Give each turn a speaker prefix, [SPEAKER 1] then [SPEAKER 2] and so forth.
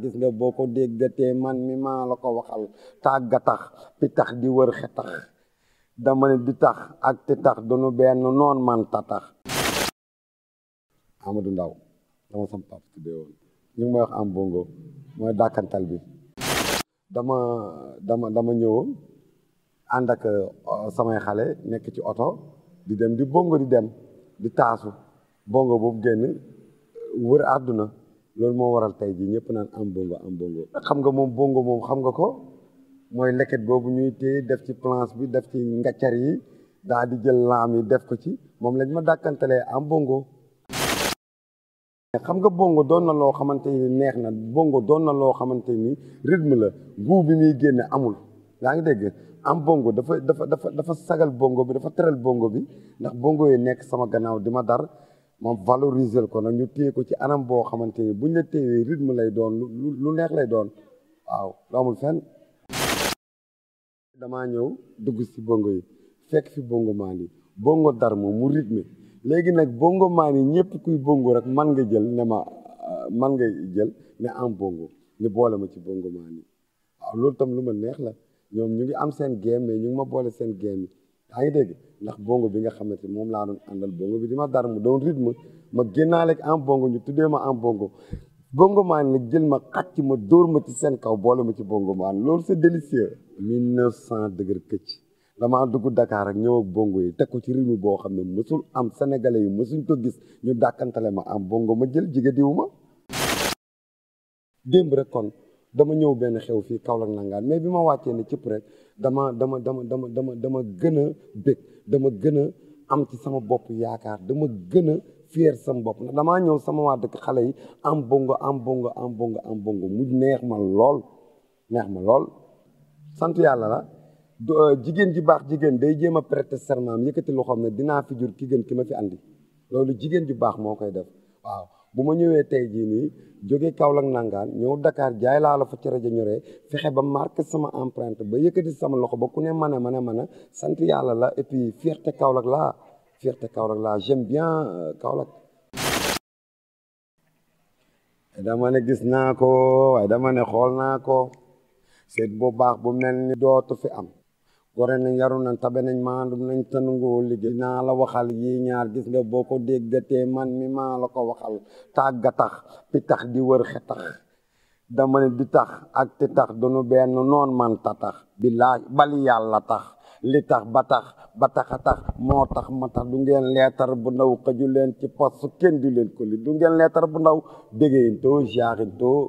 [SPEAKER 1] gis nga boo ko déggatee man mi maa la ko waxal tàgga tax tax di wër xe dama di tax ak ti tax dunu benn noon man ta tax du Ndaw dama sam pap bi dama dama dama ñëwoon ànd euh, samay xale nekk ci oto di dem di bongo di dem di taasu bongo boobu génn wër àdduna loolu moo waral tey jii ñëpp naan am bongo am bongo xam nga moom bongo moom xam nga ko mooy leket boobu ñuy téye def ci plance bi def ci ngaccar yi daal di jël laam yi def ko ci moom lañ ma dàkkantalee am bongo xam nga bongo doon na loo xamante ni neex na bongo doon na loo xamante ni rythme la guu bi muy génne amul yaa ngi dégg am bongo dafa dafa dafa dafa sagal bongo bi dafa teral bongo bi ndax bongo yi nekk sama gannaaw di ma dar moom valoriser ko nag ñu téye ko ci anam boo xamante ni buñ la téyee rythme lay doon lu lu neex lay doon waaw lu amul fenn. damaa ñëw dugg si bongo yi fekk fi bongo maan yi bongo dar moom mu rythme léegi nag bongo maan yi ñëpp kuy bongo rek man nga jël ne ma euh, man nga jël ne am bongo ñu boole ma ci bongo maan yi waaw loolu tam lu ma neex la ñoom ñu ngi am seen game mais ñu ngi ma boole seen game yaa ngi dégg ndax bongo bi nga xamante moom laa doon àndal bongo bi di ma dar mu doon rythme ma génnaaleeg en bongo ñu tuddee ma en bongo bongo maan jël ma xàcc ma dóor ma ci seen kaw ma ci bongo maan loolu c'est délicieux. mille neuf cent dëgër këcc damaa dugg Dakar ak ñëw ak bongo yi teg ku ci rythme boo xam ne mësul am sénégalais yi mësuñ ko gis ñu dàkkantale ma am bongo ma jël jigéen diwu ma démb rek kon. dama ñëw benn xew fii Kaolack nangaan mais bi ma wàccee ne cëpp rek dama dama dama dama dama dama gën a bég dama gën a am ci sama bopp yaakaar dama gën a fier sama bopp ndax damaa ñëw sama waa dëkk xale yi am bongo am bongo am bongo am bongo mu neex ma lool neex ma lool sant yàlla la euh, jigéen ji baax jigéen day jéem a prêter serment yëkkati loo xam ne dinaa fi jur ki gën ki ma fi andi loolu jigéen ju baax moo koy def waaw buma ñëwé tay ji ni joggé jóge Kaolack nangaan ñëw Dakar jaay la la fa ci radio ñoré fexé ba marque sama empreinte ba yëkëti sama loxo ba ku ne mané mané mané sant yalla la et puis fierté Kaolack la fierté Kaolack la j'aime bien euh, Kaolack. dama né gis nako ko waaye dama né xol naa ko bu baax bu melni fi am. gore nañ yaru nañ tabe nañ maandum nañ te liggéey naa la waxal yi ñaar gis nga boo ko déggatee man mi maa la ko waxal tàgga tax pi di wër xe tax dama ne di tax ak ti tax dunu benn noon man ta tax billaay bali yàlla tax li tax ba tax ba tax a tax moo tax ma tax du ngeen leetar bu ndaw xëju leen ci poste kenn du leen ko li du leetar bu ndaw déggéen too jaaxin too